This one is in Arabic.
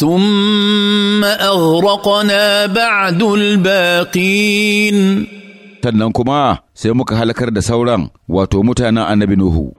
ثم أغرقنا بعد الباقين. تنكما سيمك هلكر دا ساوران واتو متانا النبي نوح.